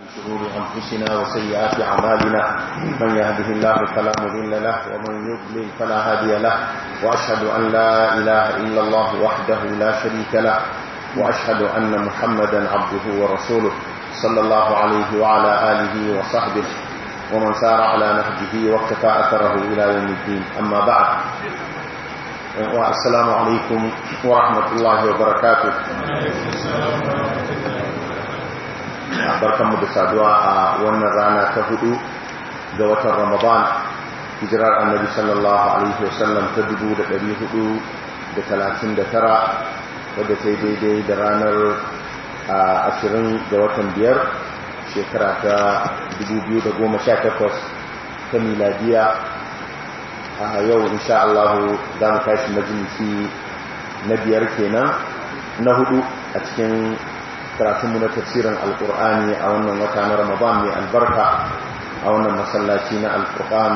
من شرور أنفسنا وسيئات أعمالنا من يهده الله فلا مضل له ومن يضلل فلا هادي له وأشهد أن لا إله إلا الله وحده لا شريك له وأشهد أن محمدا عبده ورسوله صلى الله عليه وعلى آله وصحبه ومن سار على نهجه واقتفى أثره إلى يوم الدين أما بعد والسلام عليكم ورحمة الله وبركاته barkanmu da saduwa a wannan rana ta hudu ga watan ramadan hijirar annabi sallallahu alaihi wasallam ta 439 wadda ta yi daidai da ranar 20 ga watan biyar shekara ta 2018 ta miladiya a yau insha Allah za mu tashi majalisi na biyar kenan na hudu a cikin karatunmu na tafsirin alkur'ani a wannan wata na ramadan mai albarka a wannan masallaci na alkur'an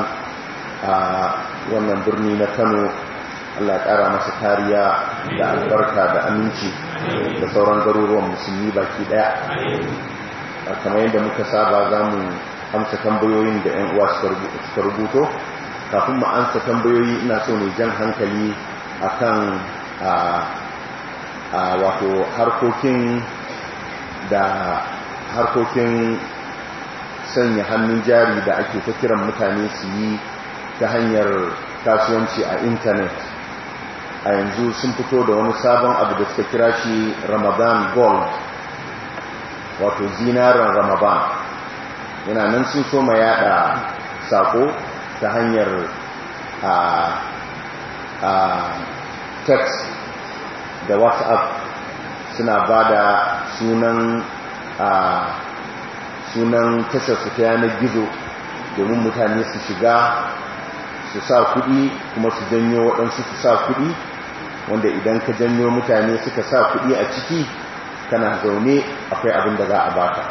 a wannan birni na kano allah ƙara masa kariya da albarka da aminci da sauran garuruwan musulmi baki ɗaya kamar yadda muka saba za mu amsa tambayoyin da 'yan uwa suka rubuto kafin mu amsa tambayoyi ina so ne jan hankali akan a wato harkokin da harkokin sanya hannun jari da ake ta kiran mutane su yi ta hanyar kasuwanci a intanet a yanzu sun fito da wani sabon abu da suka kira shi ramadan gold wato zinaran ramadan yana nan sun soma yada sako ta hanyar a a text da whatsapp suna ba da sunan a sunan su ta yanar gizo domin mutane su shiga su sa kuɗi kuma su janyo waɗansu su sa kuɗi wanda idan ka janyo mutane suka sa kuɗi a ciki kana zaune akwai abin da za a baka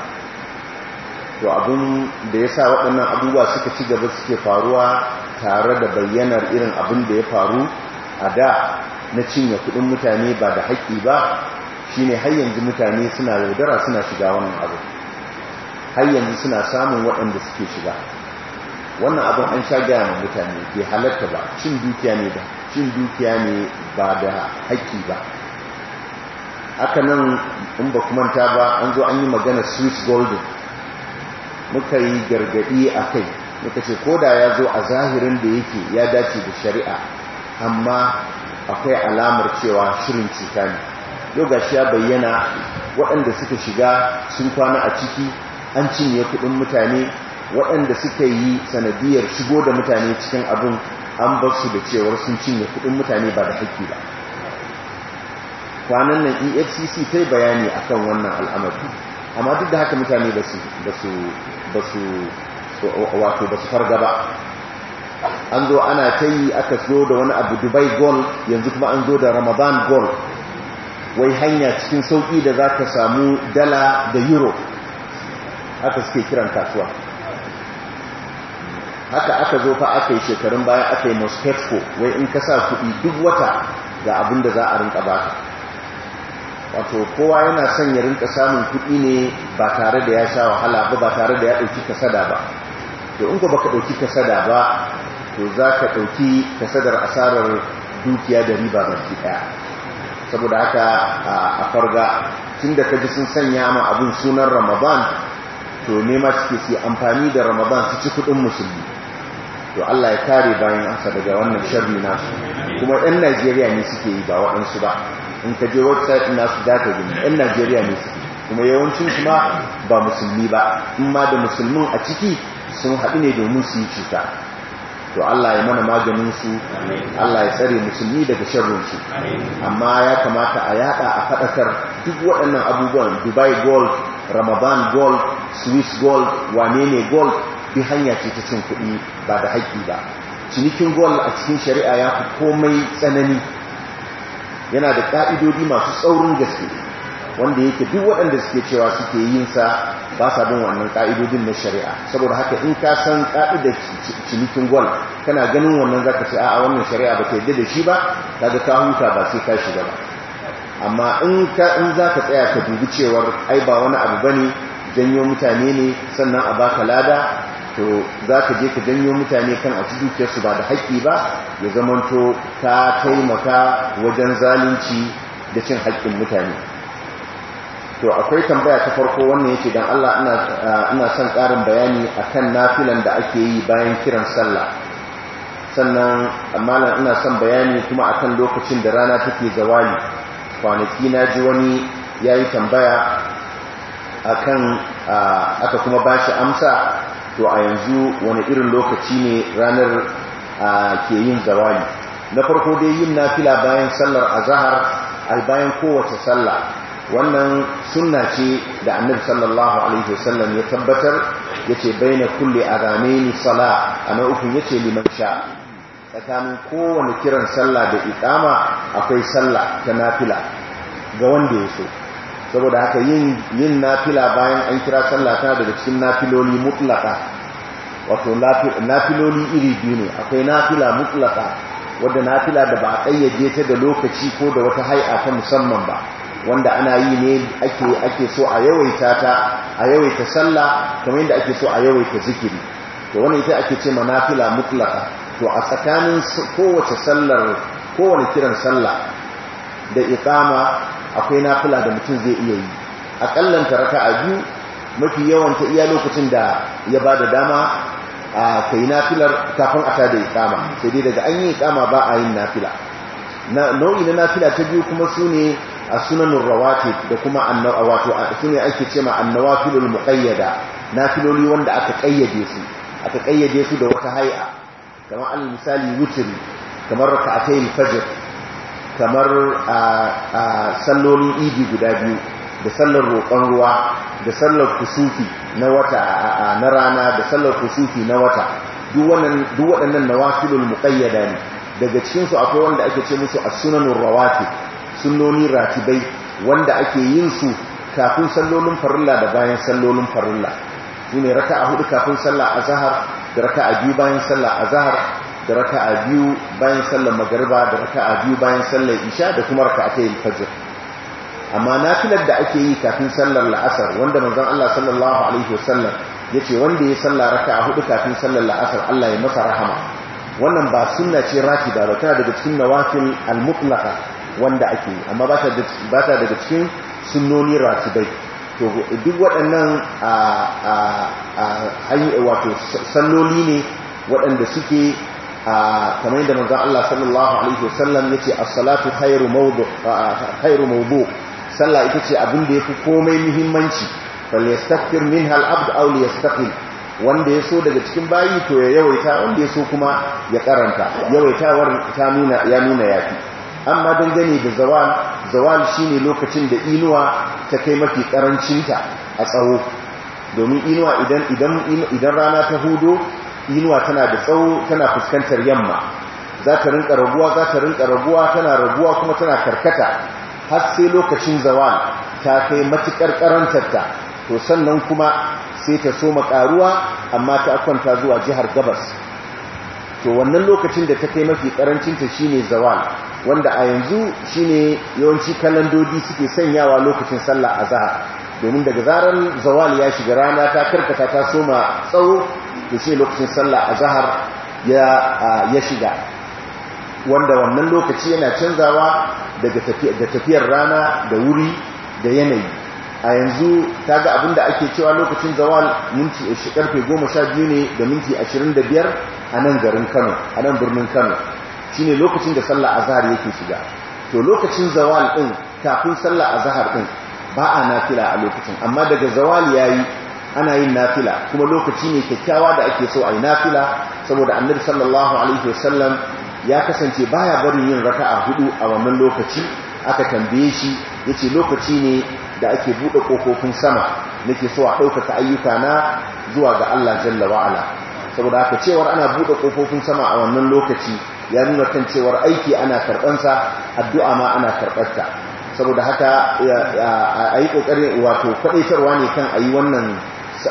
to abin da ya sa waɗannan abubuwa suka ci gaba suke faruwa tare da bayyanar irin abin da ya faru a da na cinye kuɗin mutane ba da haƙƙi ba Shi ne har yanzu mutane suna yaudara suna shiga wannan abu har yanzu suna samun waɗanda suke shiga wannan abin an sha gaya ma mutane ke halatta ba cin dukiya ne ba cin dukiya ne ba da haƙƙi ba Aka nan in ba kumanta ba an zo an yi magana swiss golden muka yi gargaɗi a kai muka ce ko da ya zo a zahirin da yake ya dace da shari'a amma akwai alamar cewa shirin cuta ne yau ya bayyana waɗanda suka shiga sun kwana a ciki an cinye kuɗin mutane waɗanda suka yi sanadiyar shigo da mutane cikin abin an bar su da cewar sun cinye kuɗin mutane ba da haƙƙi ba kwanan nan efcc ta yi bayani akan wannan al'amari amma duk da haka mutane ba su wato ba su farga ba an zo ana ta yi aka zo da wani abu dubai gold yanzu kuma an zo da ramadan gold wai hanya cikin sauƙi da za ka samu dala da euro haka suke kiran kasuwa haka aka zo fa aka yi shekarun baya aka yi mosquito wai in ka sa kuɗi duk wata ga abin da za a rinka baka wato kowa yana son ya rinka samun kuɗi ne ba tare da ya sha wahala ba ba tare da ya ɗauki kasada ba to in ka baka ɗauki kasada ba to za ka ɗauki kasadar asarar dukiya da riba baki ɗaya saboda haka a farga tunda ka ji sun sanya ma abin sunan ramadan to nema suke su amfani da ramadan su ci kudin musulmi to Allah ya kare bayan amsa daga wannan sharri nasu kuma ɗan Najeriya ne suke yi ba waɗansu ba in ka je website nasu za ka gini ɗan Najeriya ne suke kuma yawancin su ma ba musulmi ba in ma da musulmin a ciki sun haɗu ne domin su yi cuta to Allah ya mana maganin su Allah ya tsare musulmi daga sharrin su amma ya kamata a yada a fadakar duk waɗannan abubuwan Dubai gold Ramadan gold Swiss gold Wanene ne gold bi hanya ce ta cin kuɗi ba da haƙƙi ba cinikin gold a cikin shari'a ya fi komai tsanani yana da ƙa'idodi masu tsaurin gaske wanda yake duk waɗanda suke cewa suke yin sa ba sa bin wannan ka'idodin na shari'a saboda haka in ka san ka'idar cinikin gwal kana ganin wannan zaka ce a wannan shari'a ba ta yadda da shi ba kaga ka huta ba sai ka shiga ba amma in ka in zaka tsaya ka dubi cewar ai ba wani abu bane janyo mutane ne sannan a baka lada to zaka je ka janyo mutane kan a cikin ba da haƙƙi ba ya zamanto ka taimaka wajen zalunci da cin haƙƙin mutane to akwai tambaya ta farko wannan yake dan Allah ina ina son ƙarin bayani akan nafilan da ake yi bayan kiran sallah sannan malam ina son bayani kuma akan lokacin da rana take zawali kwanaki na ji wani yayi tambaya akan aka kuma bashi amsa to a yanzu wani irin lokaci ne ranar ke yin zawali na farko dai yin nafila bayan sallar azhar al bayan kowace sallah wannan sunna ce da annabi sallallahu alaihi wasallam ya tabbatar yace baina kulli adhanaini sala ana uku yace liman sha tsakanin kowane kiran sallah da iqama akwai sallah ta nafila ga wanda ya so saboda haka yin nafila bayan an kira sallah ta daga cikin nafiloli mutlaka wato nafiloli iri biyu ne akwai nafila mutlaka wadda nafila da ba a kayyade ta da lokaci ko da wata hay'a ta musamman ba wanda ana yi ne ake ake so a yawaita ta a yawaita sallah kamar yadda ake so a yawaita zikiri to wannan ita ake ce nafila mutlaqa to a tsakanin kowace sallar kowane kiran sallah da iqama akwai nafila da mutum zai iya yi A akallan a biyu mafi yawan ta iya lokacin da ya bada dama a kai nafilar kafin a tada iqama sai dai daga an yi iqama ba a yin nafila na nau'i na nafila ta biyu kuma sune. a sunanun rawatib da kuma wato su ake ce ma muqayyada nafiloli wanda aka kayyade su aka kayyade su da wata hay'a kamar al misali wutri kamar rak'atayn fajr kamar sallolin idi guda biyu da sallar roƙon ruwa da sallar kusufi na wata na rana da sallar kusufi na wata duk waɗannan nawafilul muqayyada ne daga cikinsu akwai wanda ake ce musu as-sunanur rawatib sunnoni ratibai wanda ake yin su kafin sallolin farilla da bayan sallolin farilla su ne raka a hudu kafin sallah a zahar da raka a biyu bayan sallah a zahar da raka a biyu bayan sallar magarba da raka a biyu bayan sallar isha da kuma raka a tayin fajir amma nafilar da ake yi kafin sallar la'asar wanda manzon Allah sallallahu alaihi wasallam yace wanda ya salla raka a hudu kafin sallar la'asar Allah ya masa rahama wannan ba sunna ce ratiba ba tana daga cikin nawafil al-mutlaqa wanda ake yi amma ba ta daga cikin sunnoni bai to duk waɗannan wato sannoni ne waɗanda suke kamar yadda maza Allah sallallahu Alaihi wasallam ya ce asalatu hairu mawdu sallah ita ce abin da ya fi komai muhimmanci falyastakfir min hal'abd aw liyastaqil wanda ya so daga cikin bayi to ya yawaita wanda ya so kuma ya karanta yawaitawar ya nuna ya fi. amma dangane da zawal zawal shine lokacin da inuwa ta kai mafi karancinta a tsawo domin inuwa idan rana ta hudu, inuwa tana da tsawo tana fuskantar yamma za ta rinka raguwa za ta rinka raguwa tana raguwa kuma tana karkata har sai lokacin zawal ta kai matukar karantarta to sannan kuma sai ta soma karuwa amma ta kwanta zuwa jihar gabas to wannan lokacin da ta kai mafi karancinta shine zawal wanda a yanzu shi ne yawanci kalandodi suke sanyawa lokacin sallah a zahar domin daga zaren zawal ya shiga rana ta karkata ta soma tsawo da sai lokacin sallah a zahar ya shiga wanda wannan lokaci yana canzawa daga tafiyar rana da wuri da yanayi a yanzu ta ga abin da ake cewa lokacin zawal minti karfe 12 ne da minti 25 a nan garin Kano a nan birnin Kano shine lokacin da sallar azhar yake shiga to lokacin zawal din kafin sallah a zahar din ba a nafila a lokacin amma daga zawal yi ana yin nafila kuma lokaci ne kyakkyawa da ake so a yi nafila saboda annabi sallallahu alaihi wasallam ya kasance baya barin yin raka'a hudu a wannan lokaci aka tambaye shi yace lokaci ne da ake bude kofofin sama nake so a ɗaukaka ayyuka na zuwa ga Allah jalla wa ala saboda haka cewar ana bude kofofin sama a wannan lokaci ya nuna kan cewar aiki ana karɓansa addu'a ma ana karɓarta saboda haka a yi ƙoƙari wato kwaɗaitarwa ne kan a yi wannan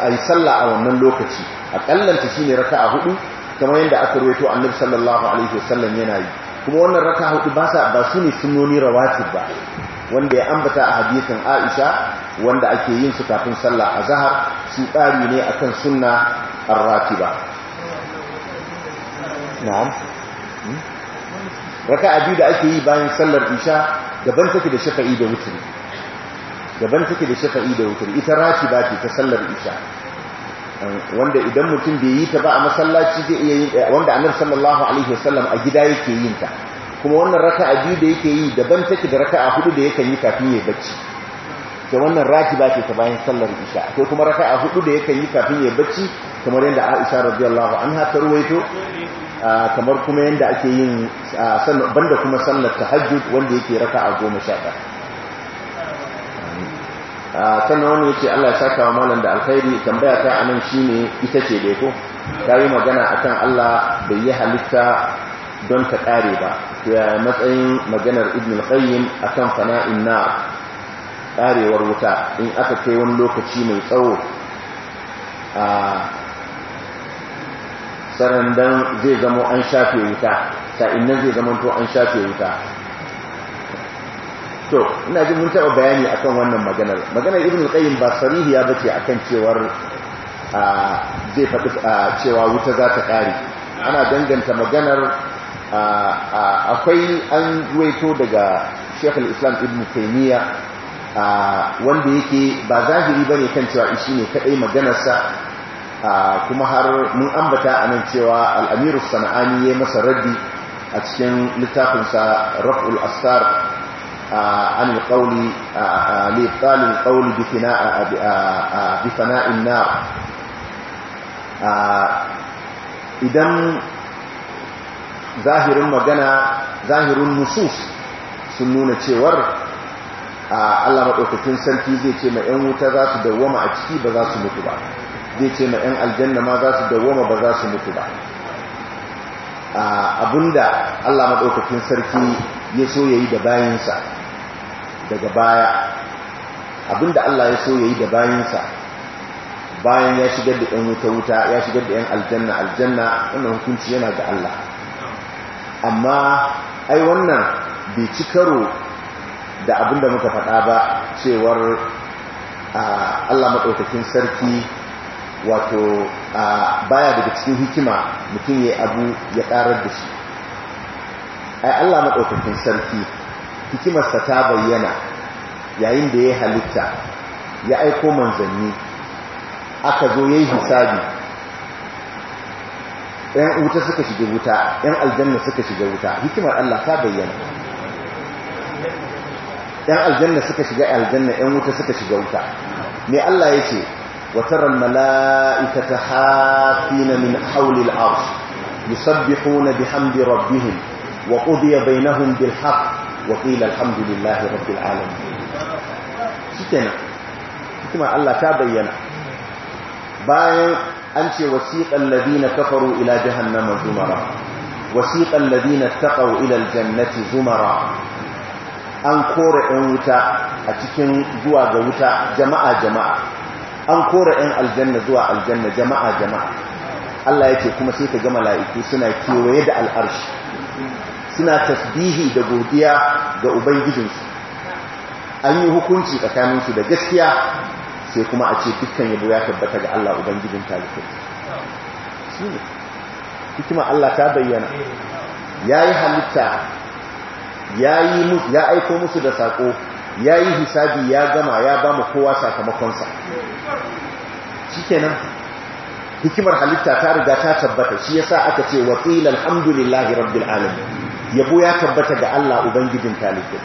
a yi sallah a wannan lokaci a ƙallanta shi ne raka a hudu kamar yadda aka ruwaito annabi sallallahu alaihi wasallam yana yi kuma wannan raka hudu ba su ne sunnoni rawatib ba wanda ya ambata a hadisin Aisha wanda ake yin su kafin sallah zahar su ƙari ne akan sunna ar ba. na'am Hmm? raka'a biyu da ake yi bayan sallar isha daban take da shafa'i da wutur daban take da shafa'i da wutur ita rashi ba ke ta sallar isha wanda idan mutum bai yi ta ba a masallaci zai iya yin eh, wanda annabi sallallahu alaihi wasallam a gida yake yin ta kuma wannan raka'a biyu da yake yi daban take da raka'a hudu da yake yi kafin ya bacci to wannan raki ba ke ta bayan sallar isha to kuma raka'a hudu da yake yi kafin ya bacci kamar yadda Aisha radiyallahu anha ta ruwaito kamar kuma yadda ake yin banda kuma sallar tahajjud wanda yake raka a goma sha ɗaya sannan wani yake Allah ya saka wa malam da alkhairi tambaya ta anan ne ita ce da ko ta yi magana a kan Allah bai yi halitta don ta ƙare ba ya matsayin maganar ibn al-qayyim kan fana'in na ƙarewar wuta in aka kai wani lokaci mai tsawo sarandan zai zama an shafe wuta sa'in nan zai zama to an shafe wuta to ina jin mun taɓa bayani akan wannan maganar maganar ibn qayyim ba ya bace akan cewar a zai faɗi cewa wuta za ta kare ana danganta maganar akwai an ruwaito daga shekhul islam Ibn Taymiyyah wanda yake ba zahiri bane kan cewa shi ne kadai maganarsa kuma har mun ambata a nan cewa al'amiru sana'ani ya masa raddi a cikin littafinsa raf'ul astar an alƙauli a liƙalin ƙauli bifana idan zahirin magana zahirin nusus sun nuna cewar Allah maɗaukakin sarki zai ce ma ‘yan wuta za su dawwama a ciki ba za su mutu ba’ zai ce ma 'yan aljanna ma za su dawoma ba za su mutu ba abinda Allah maɗaukakin sarki ya so ya yi da bayansa daga baya abinda Allah ya so ya yi da bayansa bayan ya shigar da 'yan wuta wuta ya shigar da 'yan aljanna aljanna wannan hukunci yana ga Allah amma ai wannan bai ci karo da abinda muka faɗa ba cewar Allah maɗaukakin sarki wato baya daga cikin hikima mutum ya abu ya karar da shi ai Allah maɗaukakin sarki hikimarsa ta bayyana yayin da ya halitta ya aiko manzanni aka zo ya yi hisabi ‘yan wuta suka shiga wuta ‘yan aljanna suka shiga wuta hikimar Allah ta bayyana ‘yan aljanna suka shiga aljanna ‘yan wuta suka shiga wuta me Allah ya ce وترى الملائكة حافين من حول العرش يسبحون بحمد ربهم وقضي بينهم بالحق وقيل الحمد لله رب العالمين شكنا كما الله تبين باين أنت وسيق الذين كفروا إلى جهنم زمرا وسيق الذين اتقوا إلى الجنة زمرا أنكور أنوتا أتكن جوا جوتا جماعة جماعة an kora ɗan aljanna zuwa aljanna jama'a jama'a Allah ya ce kuma sai ka gama la'iku suna kewaye da al'arshi suna tasbihi da godiya ga ubangijinsu an yi hukunci tsakaninsu da gaskiya sai kuma a ce dukkan yabo ya tabbata ga Allah ubangijin talifin shi ne hikima Allah ta bayyana ya yi halitta ya aiko musu da saƙo ya yi hisabi ya gama ya ba mu kowa sakamakonsa shikenan hikimar halitta ta riga ta tabbata shi yasa aka ce wa qila alhamdulillahi rabbil alamin yabo ya tabbata ga Allah ubangijin talibai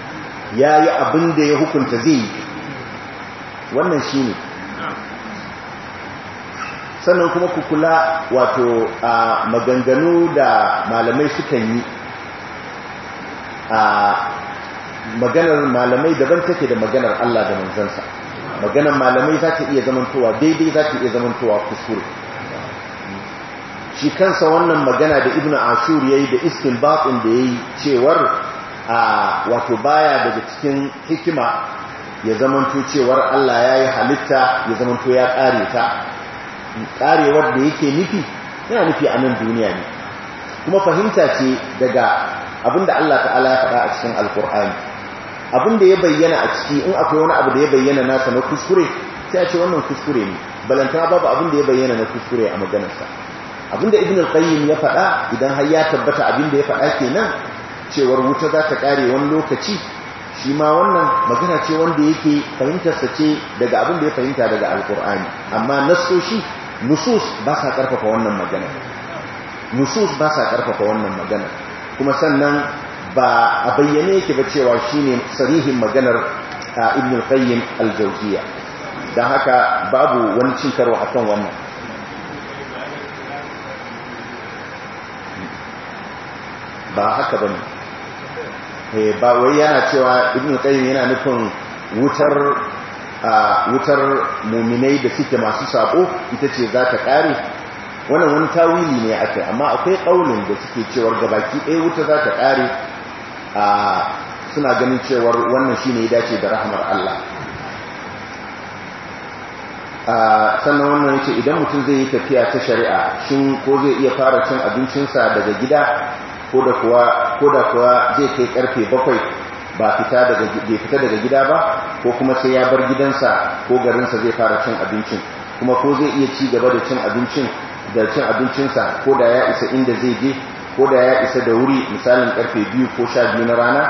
yayi abin da ya hukunta zai yi wannan shine sannan kuma ku kula wato a maganganu da malamai sukan yi a maganar malamai daban take da maganar Allah da manzansa maganan malamai za ta iya zamantowa daidai za ta iya zamantowa kuskure shi kansa wannan magana da ibn ashur yi da iskin istinbatin da ya yi cewar a wato baya daga cikin hikima ya zamanto cewar Allah ya yi halitta ya zamanto ya ƙare ta karewar da yake nufi yana nufi a nan duniya ne kuma fahimta ce daga abinda Allah ta'ala ya faɗa a cikin alkur'ani abin da ya bayyana a ciki in akwai wani abu da ya bayyana nasa na kuskure sai a ce wannan kuskure ne balanta babu abin da ya bayyana na kuskure a maganarsa abin da ibn al-qayyim ya faɗa idan har ya tabbata abin da ya faɗa kenan cewar wuta za ta kare wani lokaci shi ma wannan magana ce wanda yake fahimtarsa ce daga abin da ya fahimta daga alkur'ani amma nassoshi nusus ba sa karfafa wannan magana nusus ba sa karfafa wannan magana kuma sannan ba a bayyane yake ba cewa shi ne sarihin maganar a al-qayyim al-jawziyya haka babu wani cin karo akan wannan ba haka ba ne eh, ba wai yana cewa ibn al yana nufin wutar wutar muminai da suke masu sabo ita ce za ta kare wannan wani tawili ne ake amma akwai ƙaunin da suke cewar gabaki ɗaya wuta za ta kare suna ganin cewar wannan shi ne ya dace da rahamar Allah sannan wannan yake idan mutum zai yi tafiya ta shari'a shin ko zai iya fara cin abincinsa daga gida ko da kuwa zai kai karfe bakwai ba fita daga fita daga gida ba ko kuma sai ya bar gidansa ko garinsa zai fara cin abincin kuma ko zai iya ci gaba da cin abincin da cin abincinsa ko da ya isa inda zai je ko da ya isa da wuri misalin karfe biyu ko sha biyu na rana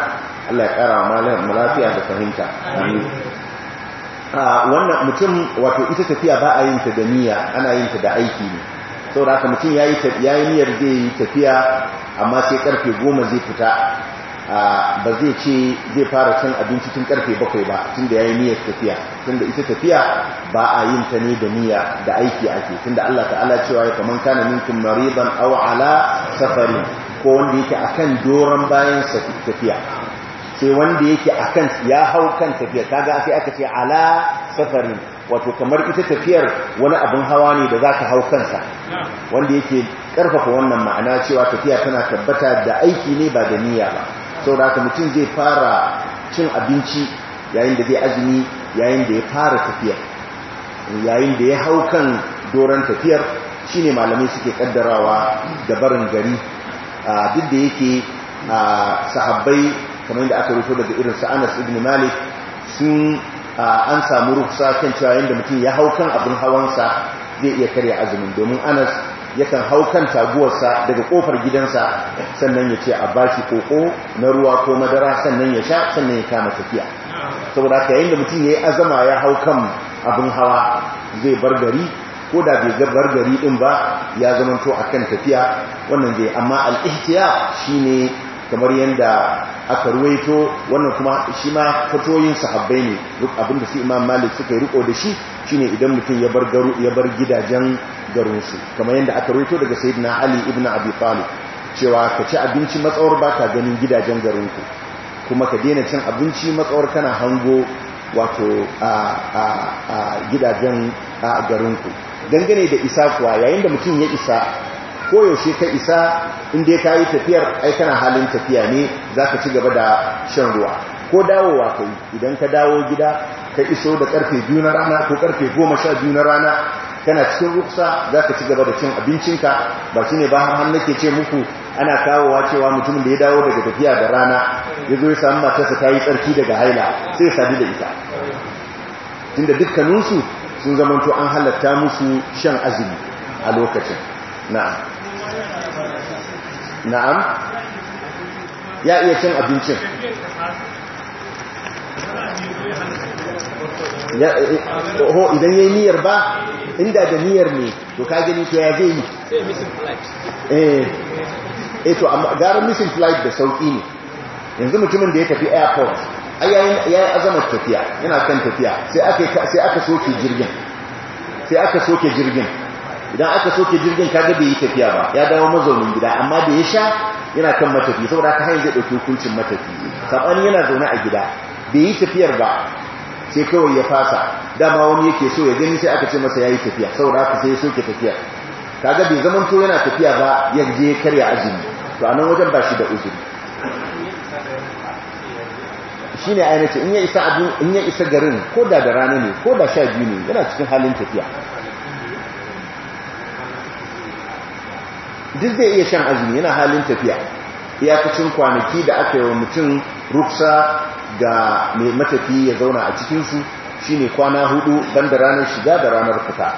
Allah ya kara wa lafiya da fahimta ah, wannan mutum wato ita tafiya ba a yin ta da niyya ana yin ta da aiki ne sau da haka mutum ya yi niyyar zai yi tafiya amma sai karfe goma zai fita ah, ba zai ce zai fara cin abinci tun karfe bakwai ba tun da ya yi niyyar tafiya tun da ita tafiya ba a yin ta ne da niyya da aiki ake tun da Allah ta'ala cewa ya kaman kana minkum mariban aw ala safarin ko wanda yake akan doron bayan tafiya sai wanda yake akan ya hau kan tafiya kaga sai aka ce ala safari wato kamar ita tafiyar wani abin hawa ne da zaka hau kansa wanda yake karfafa wannan ma'ana cewa tafiya tana tabbata da aiki ne ba da niyya ba saboda haka mutum zai fara cin abinci yayin da zai azumi yayin da ya fara tafiyar yayin da ya hau kan doron tafiyar Shi ne malamai suke kaddarawa da barin gari duk da yake sahabbai kamar da aka rufo daga irin Anas ibn Malik sun an samu rufsa kan cewa yadda mutum ya hau kan abin hawansa zai iya karya azumin domin Anas yakan hau kan taguwarsa daga kofar gidansa sannan ya ce a bashi koko na ruwa ko madara sannan ya sha sannan ya kama tafiya saboda haka yayin da mutum ya yi azama ya hau kan abin hawa zai bar gari ko da bai gabar gari din ba ya zamanto akan tafiya wannan dai amma al-ihtiya shine kamar yanda aka ruwaito wannan kuma shi ma fatoyin sahabbai ne duk abinda su imam malik suka riko da shi shine idan mutum ya bar garu ya bar gidajen garinsu kamar yadda aka ruwaito daga sayyidina ali ibn abi talib cewa ka ci abinci matsawar baka ganin gidajen garinku kuma ka daina cin abinci matsawar kana hango wato a gidajen garinku dangane da isa kuwa yayin da mutum ya isa koyaushe ka isa inda ka yi tafiyar ai kana halin tafiya ne za ka ci gaba da shan ruwa ko dawowa ka yi idan ka dawo gida ka iso da karfe biyu na rana ko karfe goma sha biyu na rana kana cikin ruksa za ka ci gaba da cin abincinka ba shi ne ba har nake ce muku ana kawowa cewa mutumin da ya dawo daga tafiya da rana ya zo ya samu matarsa ta yi tsarki daga haila sai ya sadu da ita tunda dukkaninsu sun to an halatta musu shan azumi a lokacin na'am na'am ya iya cin abincin eh, ho idan ya yi niyyar ba inda da niyyar ne to ka gani to ya zai yi eh, eh to gara mission flight da sauki ne yanzu mutumin da ya tafi airport ya yi azamar tafiya yana kan tafiya sai aka soke jirgin sai aka soke jirgin idan aka soke jirgin kaga bai yi tafiya ba ya dawo mazaunin gida amma da ya sha yana kan matafi saboda haka hanyar zai ɗauki hukuncin matafi saɓani yana zaune a gida bai yi tafiyar ba sai kawai ya fasa dama wani yake so ya gani sai aka ce masa ya yi tafiya saboda haka sai ya soke tafiya kaga bai to yana tafiya ba ya je karya azumi to a nan wajen ba shi da uzuri Shi ne nace ce in ya isa garin ko da da rana ne ko da sha biyu ne yana cikin halin tafiya duk zai iya shan azumi yana halin tafiya iyakacin kwanaki da aka yi wa mutum rufsa ga mai matafi ya zauna a cikinsu shi ne kwana hudu don da ranar shiga da ranar fita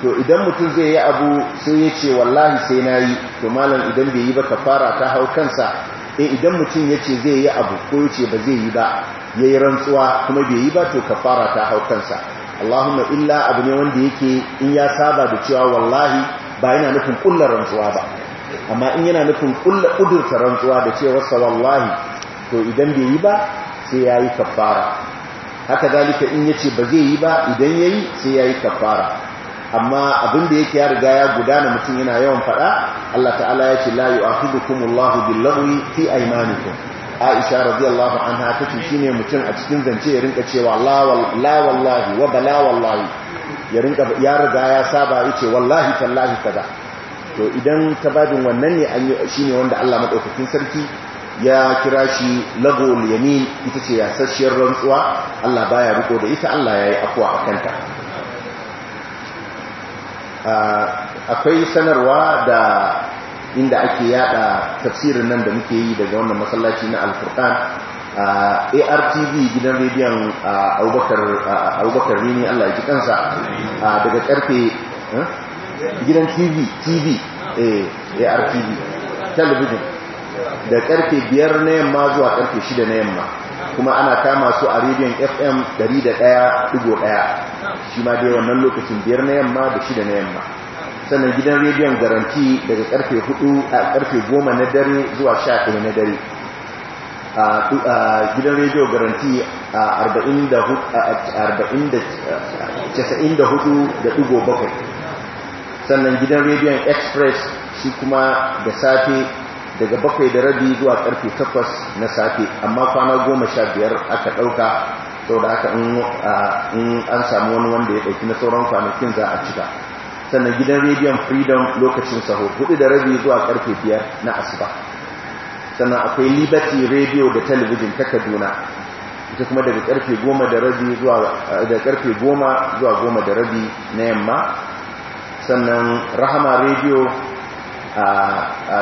to idan mutum zai yi abu sai ya ce wallahi sai na yi to malam idan bai yi ba ka fara ta hau kansa eh idan mutum yace zai yi abu ko yace ba zai yi ba ya yi rantsuwa kuma bai yi ba to ka fara ta haukansa Allahumma illa abu ne wanda yake in ya saba da cewa wallahi ba yana nufin kullar rantsuwa ba amma in yana nufin kullar kudurta rantsuwa da cewa sa wallahi to idan bai yi ba sai ya yayi kafara haka zalika in yace ba zai yi ba idan yayi sai yayi kafara amma abin da yake ya riga ya gudana mutum yana yawan faɗa Allah ta'ala ya ce la yu'akhidukumullahu billaghwi fi aymanikum Aisha radiyallahu anha tace shine mutum a cikin zance ya rinka cewa la wallahi wa bala wallahi ya rinka ya riga ya saba yace wallahi tallahi kaza to idan tabadin wannan ne an yi shine wanda Allah madaukakin sarki ya kira shi lagol yamin ita ce ya sashiyar rantsuwa Allah baya riko da ita Allah yayi akwa akanta Ah, akwai sanarwa da inda ake yada tafsirin nan da muke yi daga wannan masallaci na alfurkan artv ah, gidan rediyon ah, abubakar rini allah ya ji kansa daga karfe eh? gidan tv tv eh, artv television da karfe biyar na yamma zuwa karfe shida na yamma kuma ana kama su a rediyon fm 101.1 shi ma yawan wannan lokacin biyar na yamma da shida na yamma sannan gidan rediyon garanti daga karfe hudu a karfe goma na dare zuwa sha na dare a gidan rediyo garanti a bakwai. sannan gidan rediyon express shi kuma da safe daga bakwai da rabi zuwa karfe takwas na safe amma kwana goma sha biyar aka ɗauka Sau da in an samu wani wanda ya ɗauki na sauran kwanakin za a cika sannan gidan rediyon freedom lokacin saho hudu da rabi zuwa karfe biyar na asuba sannan akwai liberty radio da talabijin ta kaduna ita kuma daga karfe goma da rabi zuwa da karfe goma zuwa goma da rabi na yamma sannan rahama radio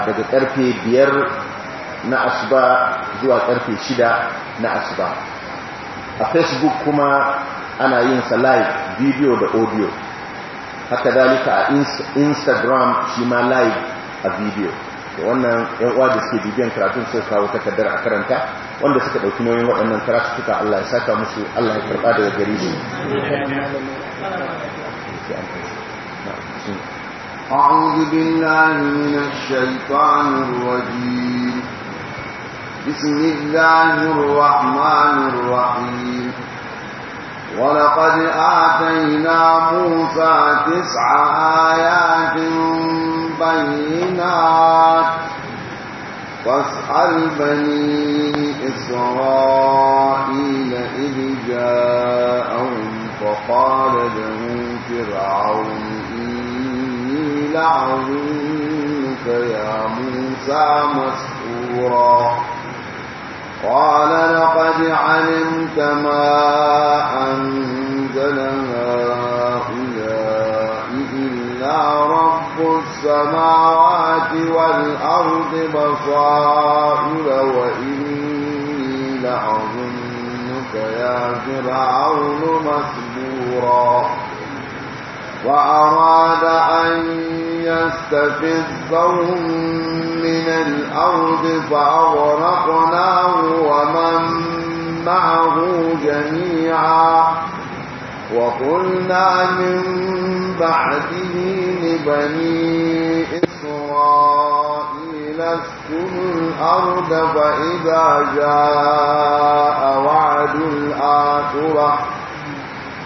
daga karfe biyar na asuba zuwa karfe shida na asuba a facebook kuma ana yin sa live video da audio haka dalika a instagram shi ma live a video da wannan yan uwa da suke bibiyan karatun sai kawo takardar a karanta wanda suka dauki nauyin waɗannan karatu suka Allah ya saka musu Allah ya karba daga gare shi أعوذ بالله من الشيطان الرجيم بسم الله الرحمن الرحيم ولقد آتينا موسى تسع آيات بينات فاسأل بني إسرائيل إذ جاءهم فقال له فرعون إني لعظمك يا موسى مسحورا قال لقد علمت ما أنزل هؤلاء إلا رب السماوات والأرض بصائر وإني لأظنك يا فرعون مسبورا وأراد أن يستفزهم الأرض فأغرقناه ومن معه جميعا وقلنا من بعده لبني إسرائيل اسكنوا الأرض فإذا جاء وعد الآخرة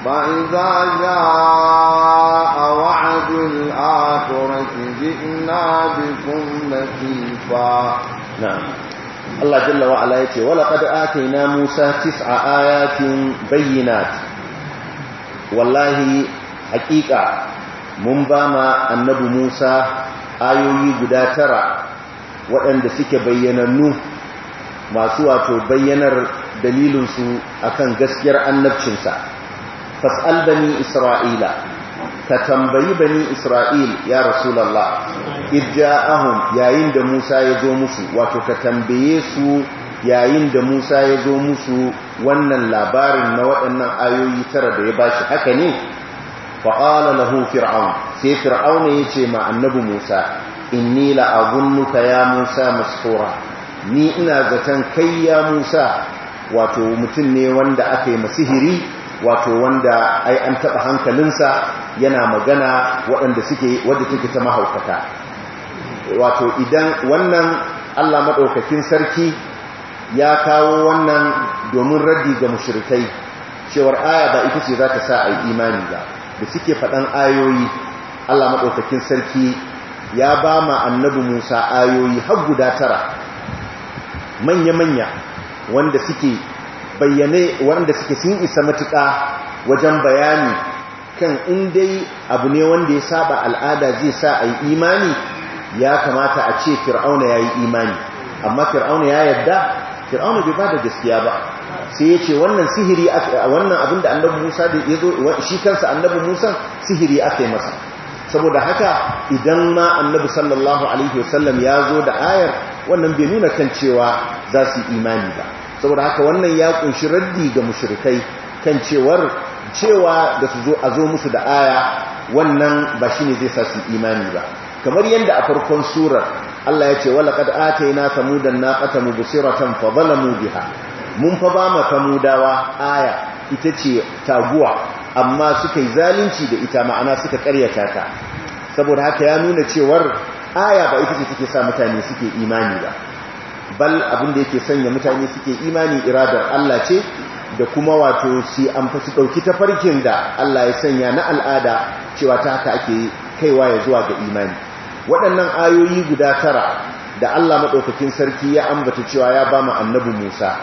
فإذا جاء وعد الآخرة جئنا بكم لكي fa Allah jalla wa ala yace wala qad ataina Musa tis'a ayatin bayyinat wallahi hakika mun ba ma annabi Musa ayoyi guda tara waɗanda suke bayyanannu masu wato bayyanar dalilinsu akan gaskiyar annabcinsa fas'al bani isra'ila ka tambayi bani isra'il ya rasulallah idja'ahum yayin da musa ya zo musu wato ka tambaye su yayin da musa ya zo musu wannan labarin na waɗannan ayoyi tara da ya ba shi haka ne faƙala lahu fir'aun sai fir'auna ya ce ma annabi musa inni gunnuka ya musa masfura ni ina zaton kai ya musa wato mutum ne wanda aka yi masihiri wato wanda ai an taɓa hankalinsa yana magana waɗanda suke wadda take ta mahaukata wato idan wannan Allah maɗaukakin sarki ya kawo wannan domin raddi ga mushrikai cewar aya ba ita ce za ta sa a imani ba da suke faɗan ayoyi Allah maɗaukakin sarki ya ba ma annabi Musa ayoyi har guda tara manya-manya wanda suke bayyane wanda suke sun isa matuƙa wajen bayani kan yi abu ne wanda ya saba al'ada zai sa a yi imani ya kamata a ce fir'auna ya yi imani amma fir'auna ya yadda fir'auna bai ba da gaskiya ba sai ya ce wannan sihiri wannan abin da annabi musa da ya zo shi kansa annabi musa sihiri a kai masa saboda haka idan ma annabi sallallahu alaihi wasallam ya zo da ayar wannan bai nuna kan cewa za su yi imani ba saboda haka wannan ya kunshi raddi ga mushrikai kan cewar cewa da su zo a zo musu da aya wannan ba shine zai sa su imani ba kamar yadda a farkon surar Allah ya ce wala qad atayna samudan naqata mubsiratan fa zalamu biha mun fa ba ma samudawa aya ita ce taguwa amma suka yi zalunci da ita ma'ana suka karyata ta saboda haka ya nuna cewar aya ba ita ce take sa mutane suke imani ba bal abin da yake sanya mutane suke imani iradar Allah ce da kuma wato shi an fi ɗauki tafarkin da Allah ya sanya na al'ada cewa ta haka ake kaiwa ya zuwa ga imani waɗannan ayoyi guda tara da Allah madaukakin sarki ya ambata cewa ya ba mu annabi Musa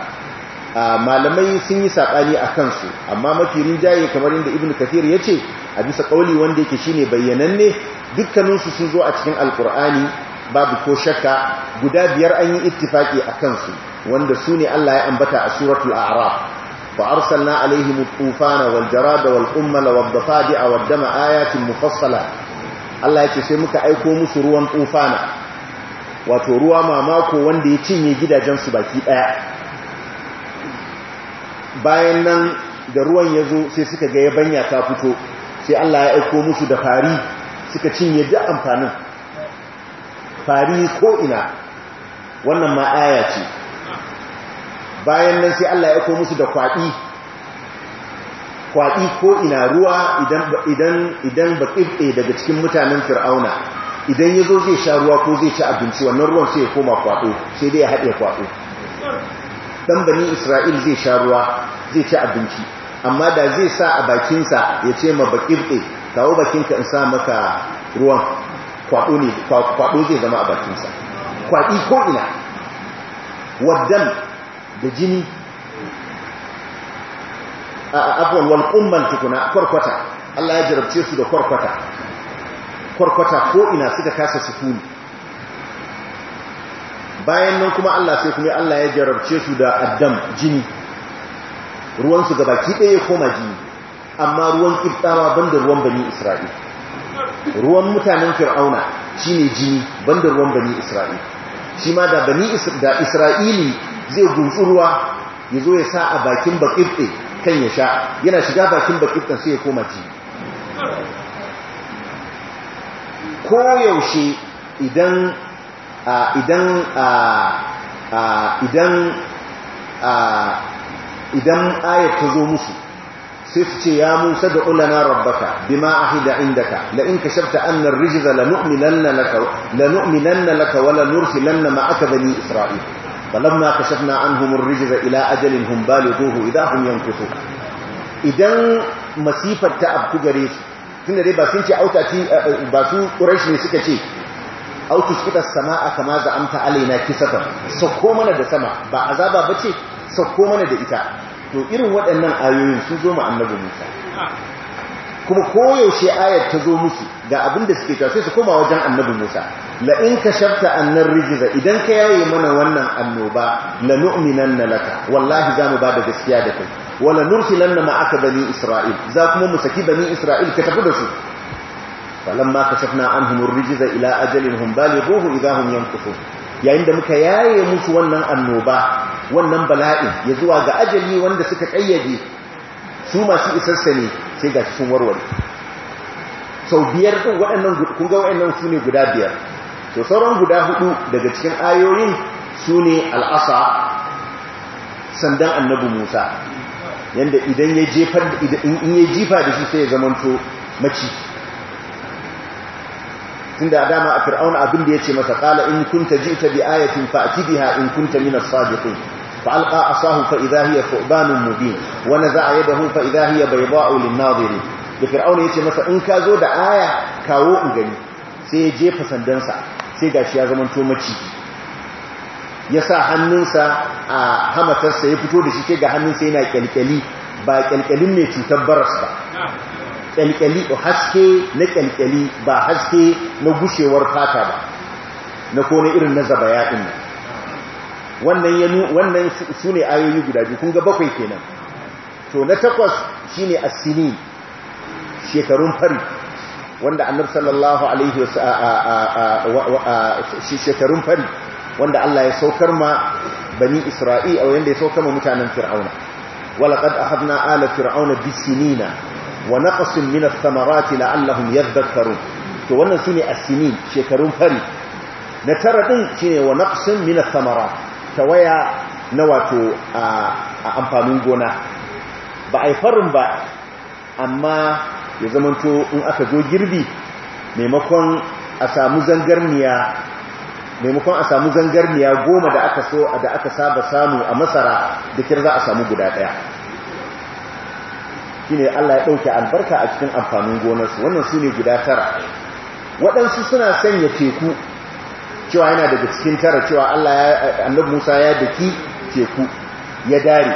malamai sun yi saɓani a kansu amma mafi rinjaye kamar inda ibn kathir ya ce a bisa ƙauli wanda yake shine bayyananne dukkaninsu sun zo a cikin alƙur'ani babu ko shakka guda biyar an yi ittifaki a kansu wanda su ne Allah ya ambata a suratul a'raf fa arsalna alaihim tufana wal jarada wal ummal wad dafadi'a wa dama ayatin mufassala Allah yake sai muka aiko musu ruwan tufana wato ruwa mamako wanda ya cinye gidajen su baki daya bayan nan da ruwan yazo sai suka ga yabanya ta fito sai Allah ya aiko musu da fari suka cinye duk amfanin fari ko ina wannan ma aya ce bayan nan sai Allah ya ko musu da kwaɗi kwaɗi ko ina ruwa idan idan baƙiɓe daga cikin mutanen fir'auna idan yazo zai sha ruwa ko zai ci abinci wannan ruwan sai ya koma kwaɗo sai dai ya haɗe kwaɗo dan bani isra'il zai sha ruwa zai ci abinci amma da zai sa a bakinsa ya ce ma baƙiɓe kawo bakinka in sa maka ruwan kwaɗo zai zama a bakinsa kwaɗi ko ina waddan da jini a abuwan walƙumman tukuna kwarkwata Allah ya jarabce su da kwarkwata kwarkwata ko ina suka kasa sukuni bayan nan kuma Allah sai kuma Allah ya jarabce su da addam jini ruwansu gabaki ɗaya koma jini amma ruwan ban banda ruwan bani isra'ila ruwan mutanen fir'auna shine jini banda ruwan bani Isra'ili, shi ma da bani da isra'ili zai gunsu ruwa ya zo ya sa a bakin bakifte kan ya sha yana shiga bakin bakiften sai ya koma jini koyaushe idan idan idan idan ayat ta zo musu sai ce ya musa da ulana rabbaka bima ahida indaka la in kashafta anna ar-rijza lanu'minanna laka lanu'minanna laka wa lanursilanna ma'aka bani isra'il falamma kashafna anhum ar-rijza ila ajalin hum balighuhu idha hum yankusu idan masifar ta abku gare su tunda dai ba sun ce auta autati ba su quraish ne suka ce autus kitas sama'a kama za'amta alaina kisatan sako mana da sama ba azaba bace sako mana da ita to irin waɗannan ayoyin sun zo ma annabi Musa kuma koyaushe ayar ta zo musu ga abin da suke sai su koma wajen annabi Musa la in kashafta annar rijiza idan ka yaye mana wannan annoba la na laka wallahi zamu ba da gaskiya da kai wala nursilanna ma'aka bani isra'il za kuma mu saki bani isra'il ka tafi da su falamma kashafna anhum hunun ila ajalin hum balighuhu idha hum yayin da muka yaye musu wannan annoba wannan bala'in ya zuwa ga ajali wanda suka kayyade su masu isarsa ne sai ga sun warware sau biyar ɗin waɗannan kunga waɗannan su ne guda biyar to sauran guda hudu daga cikin ayoyin su ne al'asa sandan annabi musa yadda idan ya jifa da shi sai ya zamanto maci tunda dama a fir'auna abin da ce masa kala in kunta ji'ta bi ayatin fa'ti biha in kunta minas sadiqin فألقى عصاه فإذا هي ثعبان مبين ونزع يده فإذا هي بيضاء للناظرين da fir'auna ya ce masa in ka zo da aya kawo in gani sai ya jefa sandansa sai gashi ya zama tomaci ya sa hannunsa a hamatarsa ya fito da shi ke ga sa yana kyalkyali ba kyalkyalin mai cutar baras ba kyalkyali haske na kyalkyali ba haske na gushewar fata ba na kone irin na zaba yaɗin nan wannan su ne ayoyi guda biyu kun ga bakwai kenan to na takwas shi ne asini shekarun fari wanda annab sallallahu alaihi wasu shekarun fari wanda Allah ya saukar ma bani isra'i a wanda ya saukar ma mutanen fir'auna walaƙad ahadna ala fir'auna bisinina wa naqasin min ath-thamarati la'allahum yadhakkarun to wannan sune asinin shekarun fari na tara ɗin shine wa naƙasun mina ath tawaya na wato a amfanin gona ba a yi farin ba amma ya zamanto in aka zo girbi maimakon a samu zangarniya maimakon goma da aka so da aka saba samu a masara da za a samu guda daya shine Allah ya ɗauke albarka a cikin amfanin gonarsu wannan su ne guda tara waɗansu suna sanya teku cewa yana daga cikin tara cewa Allah ya annabi Musa ya daki teku ya dare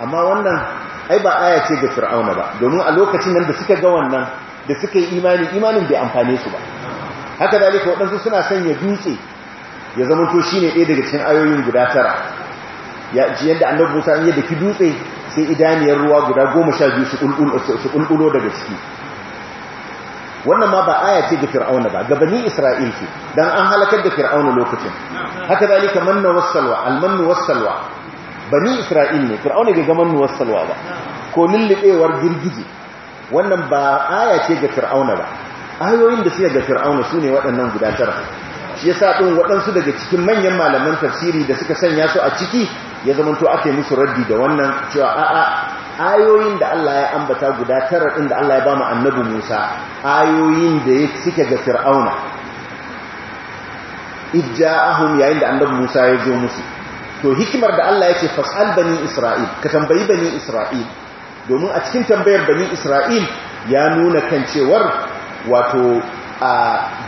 amma wannan ai ba aya ce ga Fir'auna ba domin a lokacin nan da suka ga wannan da suka yi imani imanin bai amfane su ba haka dalika waɗansu suna son ya dutse ya zama to shine ɗaya daga cikin ayoyin guda tara ya ji yadda annabi Musa ya daki dutse sai idaniyar ruwa guda goma sha biyu su kulkulo daga ciki wannan ma ba aya ce ga fir'auna ba ga bani isra'il ce dan an halakar da fir'auna lokacin haka dalika manna wassalwa almanu wassalwa bani isra'il ne fir'auna bai ga mannu wassalwa ba ko lillibewar girgije wannan ba aya ce ga fir'auna ba ayoyin da suke ga fir'auna sune waɗannan guda tara shi yasa din waɗansu daga cikin manyan malaman tafsiri da suka sanya su a ciki ya zama zamanto ake musu raddi da wannan cewa a'a ayoyin da Allah ya ambata guda tara din da Allah ya ba mu annabi Musa ayoyin da suke ga Fir'auna idja'ahum yayin da annabi Musa ya zo musu to hikimar da Allah yake fas'al bani Isra'il ka tambayi bani Isra'il domin a cikin tambayar bani Isra'il ya nuna kan cewar wato a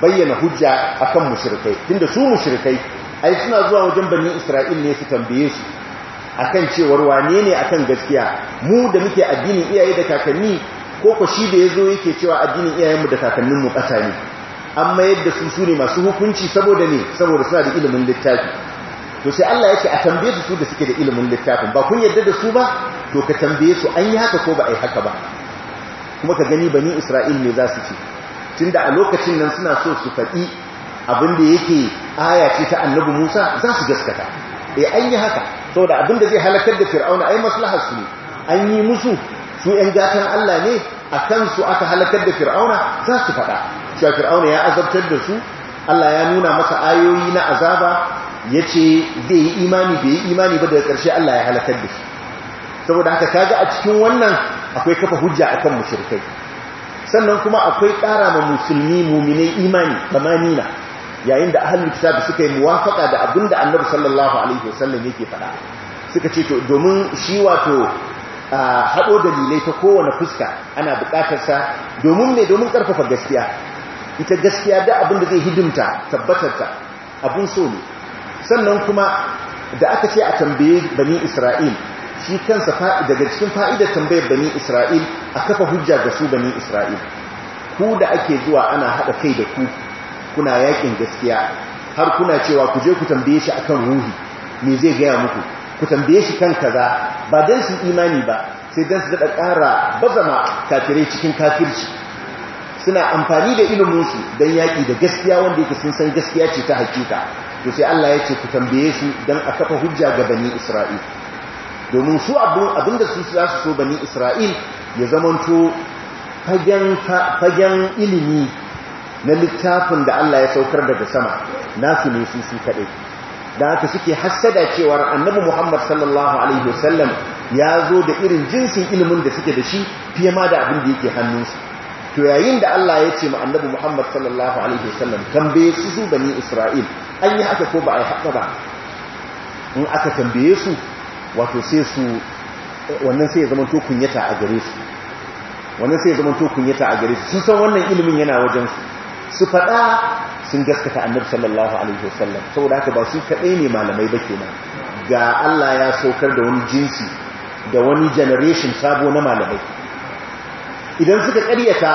bayyana hujja akan mushrikai tunda su mushrikai ai suna zuwa wajen bani Isra'il ne su tambaye su akan cewar wane ne akan gaskiya mu da muke addinin iyaye da kakanni ko ko shi da yazo yake cewa addinin iyayenmu da kakannin mu kasa ne amma yadda su su ne masu hukunci saboda ne saboda suna da ilimin littafi to sai Allah yake a tambaye su su da suke da ilimin littafin ba kun yadda da su ba to ka tambaye su an yi haka ko ba ai haka ba kuma ka gani bani Isra'il ne za su ce tunda a lokacin nan suna so su faɗi abin da yake aya ce ta annabi Musa za su gaskata eh an yi haka saboda abin da zai halakar da fir'auna ai maslahar su ne an yi musu su ‘yan gatan Allah ne a kansu aka halakar da fir'auna za su faɗa cewa fir'auna ya azabtar da su Allah ya nuna masa ayoyi na azaba ya ce zai yi imani bai yi imani ba daga ƙarshe Allah ya halakar da su saboda haka kaga a cikin wannan akwai kafa hujja akan mushrikai sannan kuma akwai ƙara ma musulmi muminai imani tsamanina yayin da ahalin kitab suka yi muwafaka da abinda annabi sallallahu alaihi wasallam yake faɗa suka ce to domin shi wato haɗo dalilai ta kowane fuska ana buƙatar sa domin me domin ƙarfafa gaskiya ita gaskiya da abin da zai hidimta ta abin so ne sannan kuma da aka ce a tambaye bani isra'il shi kansa daga cikin fa'idar tambayar bani isra'il a kafa hujja ga su bani isra'il ku da ake zuwa ana haɗa kai da ku kuna yakin gaskiya har kuna cewa ku je ku tambaye shi akan ruhi me zai gaya muku ku tambaye shi kan kaza ba dan su imani ba sai dan su da ƙara bazama kafire cikin kafirci suna amfani da ilimin su dan yaki da gaskiya wanda yake sun san gaskiya ce ta hakika to sai Allah ya ce ku tambaye shi dan a kafa hujja ga bani Isra'il domin su abin da su za su so bani Isra'il ya zamanto fagen ilimi na littafin da Allah ya saukar daga sama nasu ne su su kaɗai da haka suke hassada cewar annabi Muhammad sallallahu alaihi wasallam ya zo da irin jinsin ilimin da suke da shi fiye ma da abin da yake hannunsu to yayin da Allah ya ce ma annabi Muhammad sallallahu alaihi wasallam tambaye su su bani Isra'il an yi haka ko ba a yi haka ba in aka tambaye su wato sai su wannan sai ya zama to kunyata a gare su wannan sai ya zama to kunyata a gare su sun san wannan ilimin yana wajen su su faɗa sun gaskata annabi sallallahu alaihi wasallam saboda haka ba su kaɗai ne malamai ba kenan ga Allah ya saukar da wani jinsi da wani generation sabo na malamai idan suka ƙaryata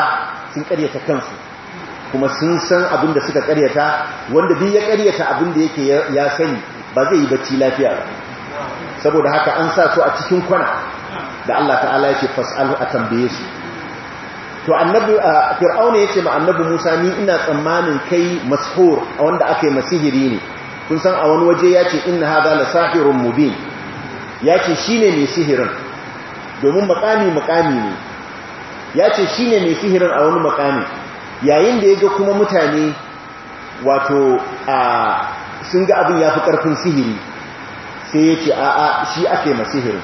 sun ƙaryata kansu kuma sun san abin da suka ƙaryata wanda bi ya ƙaryata abin da yake ya sani ba zai yi bacci lafiya ba saboda haka an sa su a cikin kwana da Allah ta'ala yake fas'alu a tambaye su to annabi fir'auna yace ma annabi Musa ni ina tsammanin kai a wanda ake masihiri ne kun san a wani waje yace inna hadha la sahirun mubin yace shine mai sihirin domin makami makami ne yace shine mai sihirin a wani makami yayin da yaga kuma mutane wato a sun ga abin yafi karfin sihiri sai yace a'a shi ma masihirin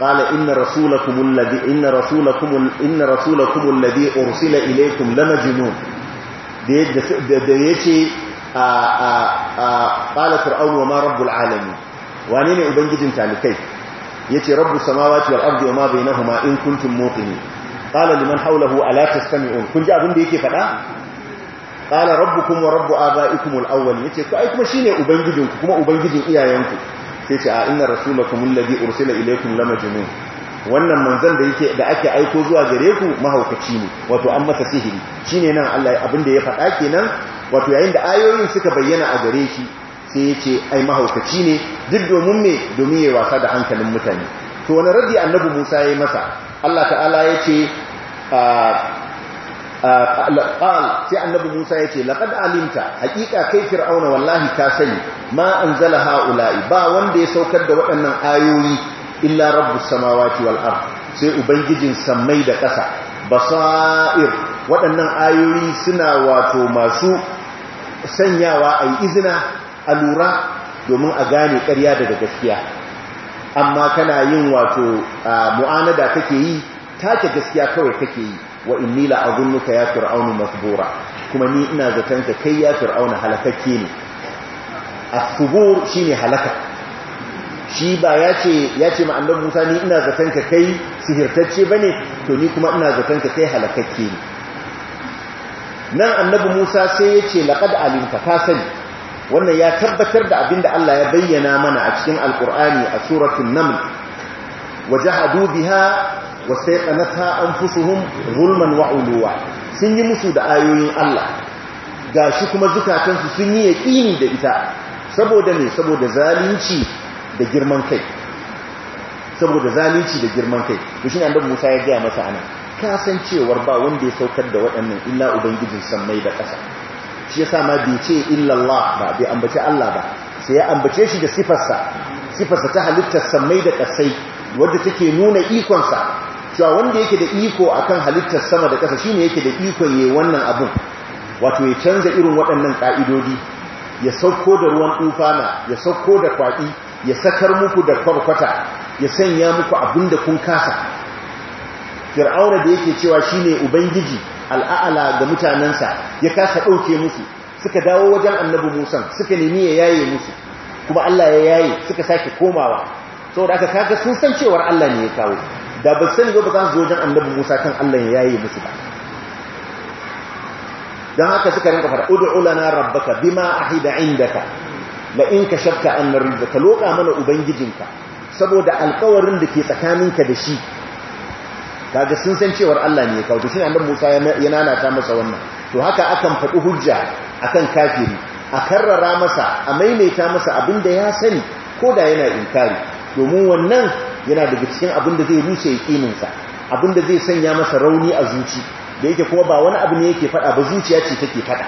qala inna rasulakum alladhi inna rasulakum inna rasulakum alladhi ursila ilaykum lamajnun da yace a a a qala fir'aun wa ma rabbul alamin wani ne ubangijin talikai yace rabbus samawati wal wa ma bainahuma in kuntum muqinin qala liman hawlahu ala tastami'un kun ji abin da yake faɗa? qala rabbukum wa rabbu aba'ikum al awwal yace ku ai kuma shine ubangijinku kuma ubangijin iyayenku sai ce a inna rasulakum alladhi ursila ilaykum lamajnun wannan manzon da yake da ake aiko zuwa gare ku mahaukaci ne wato an masa sihiri shine nan Allah abin da ya faɗa kenan wato yayin da ayoyin suka bayyana a gare shi sai ya ce ai mahaukaci ne duk domin me domin ya wasa da hankalin mutane to wani radi annabi Musa ya yi masa Allah ta'ala ya ce qal sai annabi Musa yace laqad alimta haqiqa kai fir'auna wallahi ka sani ma anzala haula'i ba wanda ya saukar da waɗannan ayoyi illa rabbus samawati wal ard sai ubangijin samai da ƙasa basair waɗannan ayoyi suna wato masu sanyawa ai izina a lura domin a gane ƙarya daga gaskiya amma kana yin wato mu'anada kake yi take gaskiya kawai kake yi wa inni ya fir'aunu masbura kuma ni ina zaton ka kai ya fir'auna halakakke ne as-subur ne halaka shi ba yace yace Musa ni ina zaton ka kai sihirtacce ne? to ni kuma ina zaton ka kai halakakke ne nan annabi Musa sai yace laqad alimta ka sani wannan ya tabbatar da abinda Allah ya bayyana mana a cikin Alƙur'ani a suratul naml wajahadu biha Wasai kanata an zulman gulman wa’uluwa sun yi musu da ayoyin Allah Ga shi kuma zukatansu sun yi ƙini da ita saboda ne saboda zalunci da girman kai saboda zalunci da girman kai da shi shine annabi Musa ya gaya masa ana kasancewar ba wanda ya saukar da waɗannan illa ubangijin sammai da ƙasa shi yasa ma bai ce illallah ba bai ambace Allah ba sai ya ambace shi da sifarsa sifarsa ta halittar sammai da ƙasai wadda take nuna ikonsa cewa wanda yake da iko akan halittar sama da ƙasa shine yake da iko yayi wannan abin wato ya canza irin waɗannan ƙa'idodi ya sauko da ruwan tufana ya sauko da kwaɗi ya sakar muku da kwarkwata ya sanya muku abin da kun kasa fir'auna da yake cewa shine ubangiji al'a'ala ga mutanensa ya kasa ɗauke musu suka dawo wajen annabi musan suka nemi ya yaye musu kuma allah ya yaye suka sake komawa saboda aka kaga sun san cewar allah ne ya kawo da ba sani ba za su zo wajen annabi Musa kan Allah ya yi musu ba don haka suka rinka fara ud'u lana rabbaka bima ahida indaka la in kashafta an narida ka loka mana ubangijinka saboda alkawarin da ke tsakaninka da shi kaga sun san cewar Allah ne ya kawo shi annabi Musa ya nanata masa wannan to haka akan faɗi hujja akan kafiri a karrara masa a maimaita masa abin da ya sani ko da yana inkari domin wannan yana daga cikin abin da zai rushe yakininsa abin da zai sanya masa rauni a zuci da yake kuma ba wani abu ne yake fada ba zuciya ce take fada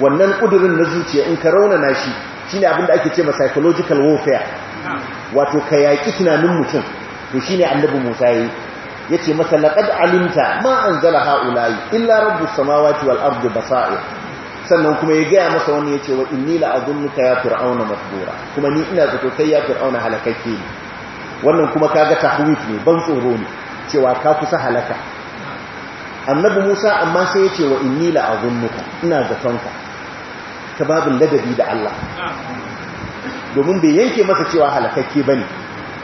wannan kudurin na zuciya in ka rauna na shi shine abin da ake ce ma psychological warfare wato ka yaki tunanin mutum to shine annabi Musa yayi yace masa laqad alimta ma anzala haula'i illa rabbus samawati wal ardi basair sannan kuma ya gaya masa wani ya ce wa inni muka ya fir'auna mabura. kuma ni ina zato kai ya fir'auna halakakke ne wannan kuma kaga tahwif ne ban tsoro ne cewa ka kusa halaka annabi Musa amma sai ya ce wa inni la azunnuka ina zatonka ta babin ladabi da Allah domin bai yanke masa cewa halakakke ne.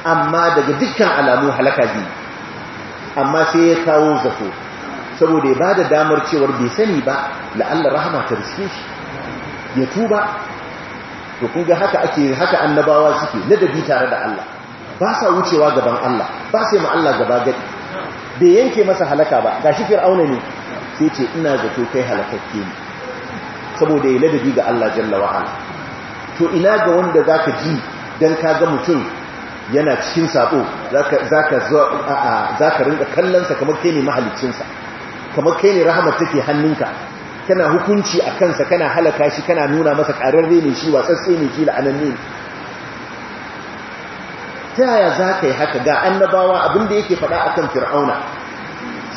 amma daga dukkan alamu halaka ji amma sai ya kawo zato saboda ya bada damar cewar bai sani ba la'alla rahama ta riske shi ya tuba to kun ga haka ake haka annabawa suke ladabi tare da Allah ba sa wucewa gaban Allah ba sai ma Allah gaba gadi bai yanke masa halaka ba gashi fir'auna ne sai ce ina zato kai halakakke ne saboda ya ladabi ga Allah jalla wa to ina ga wanda zaka ji dan ga mutum yana cikin sabo zaka zaka zaka rinka kallon sa kamar kai ne mahalicin sa kamar kai ne rahmat take hannunka kana hukunci a kansa kana halaka shi kana nuna masa karar ne shi watsatse ne shi la'ananne ta yaya za ka yi haka ga annabawa abinda yake faɗa a kan fir'auna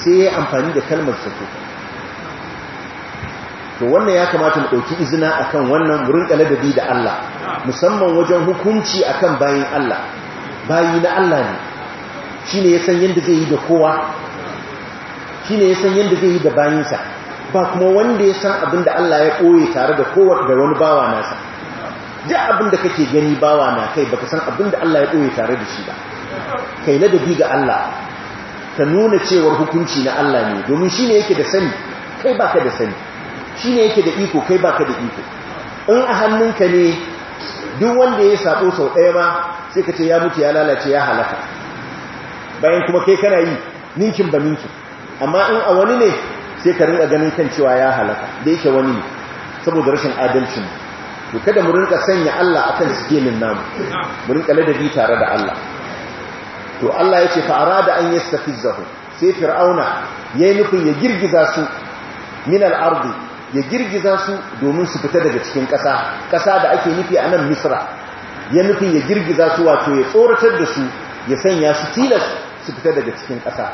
sai ya yi amfani da kalmar sakuta to wannan ya kamata mu ɗauki izina a kan wannan wurin ladabi da Allah musamman wajen hukunci a kan bayin Allah bayi na Allah ne shi ne ya san yadda zai yi da kowa shi ne ya san yadda zai yi da bayinsa ba kuma wanda ya san abinda Allah ya ɓoye tare da kowa da wani bawa nasa duk abin da kake gani bawa na kai baka san abin da Allah ya ɓoye tare da shi ba kai dabi ga Allah ka nuna cewar hukunci na Allah ne domin shi ne yake da sani kai baka da sani shi ne yake da iko kai baka da iko in a hannunka ne duk wanda ya saɓo sau ɗaya ma sai ka ce ya mutu ya lalace ya halaka bayan kuma kai kana yi ninkin ba ninkin amma in a wani ne sai ka rinka ganin kan cewa ya halaka da yake wani ne saboda rashin adalcin mu to kada mu rinka sanya Allah akan sigelin namu mu rinka ladabi tare da Allah to Allah yace fa arada an yastafizahu sai fir'auna yayi nufin ya girgiza su min al-ardi ya girgiza su domin su fita daga cikin ƙasa ƙasa da ake nufi a nan misra ya nufin ya girgiza su wato ya tsoratar da su ya sanya su tilas su fita daga cikin ƙasa